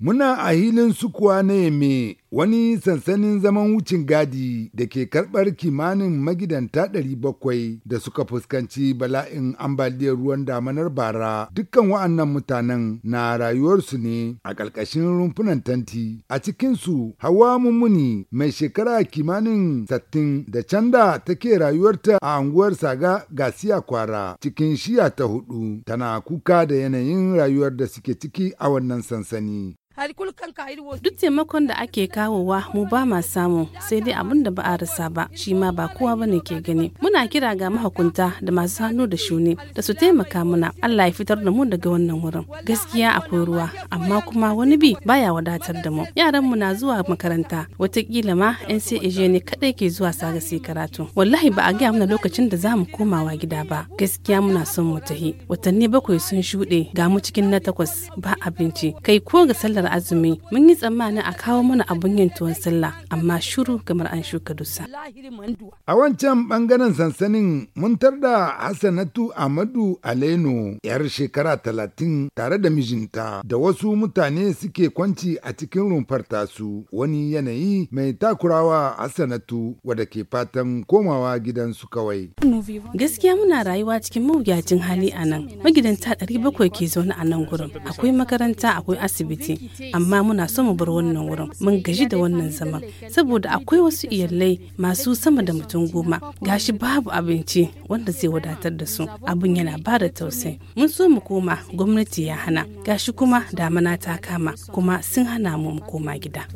Muna a hilin sukuwa ne me. wani sansanin zaman wucin gadi da ke karɓar kimanin magidanta 700 da suka fuskanci bala'in ambaliyar ruwan damanar bara dukkan wa'annan mutanen na rayuwarsu ne a ƙarƙashin rumfunan tanti a cikinsu hawa mummuni mai shekara kimanin sattin da canda take rayuwarta a anguwar saga gasiya kwara cikin shiya ta hudu tana kuka da yanayin rayuwar da suke ciki a wannan sansani duk taimakon da ake kawowa mu ba ma samu sai dai abin da ba a rasa ba shi ma ba kowa bane ke gani muna kira ga mahukunta da masu hannu da shuni da su taimaka muna Allah ya fitar da mu daga wannan wurin gaskiya akwai ruwa amma kuma wani bi baya wadatar da mu yaran mu na zuwa makaranta watakila ma yan sai ije ne kadai ke zuwa saga sai karatu wallahi ba a gaya mana lokacin da za mu komawa gida ba gaskiya muna son mu tahi watanni bakwai sun shuɗe ga mu cikin na takwas ba abinci kai ko ga sallar azumi mun yi tsammani a kawo mana abin abin yin tuwon sallah amma shiru kamar an shuka dusa. A wancan bangaren sansanin mun tarda Hassanatu Ahmadu Aleno yar shekara talatin tare da mijinta da wasu mutane suke kwanci a cikin rumfar tasu wani yanayi mai takurawa Hassanatu wadda ke fatan komawa gidan su kawai. Gaskiya muna rayuwa cikin mawuyacin hali a nan magidanta ɗari bakwai ke zaune a nan gurin akwai makaranta akwai asibiti amma muna so mu bar wannan wurin mun gaji aji da wannan zaman saboda akwai wasu iyalai masu sama da mutum goma gashi babu abinci wanda zai wadatar da su abin yana ba da tausayi mun so mu koma gwamnati ya hana gashi kuma damana ta kama kuma sun hana mu mu koma gida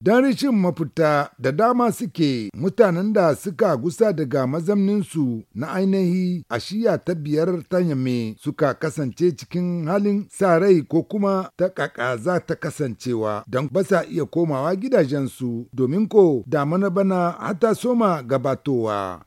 don rishin mafita da dama suke mutanen da suka gusa daga mazamninsu na ainihi a shiya ta biyar ta yame suka kasance cikin halin sa rai ko kuma ta kaka za ta kasancewa don ba sa iya komawa komawa gidajensu domin ko damana bana hata soma gabatowa.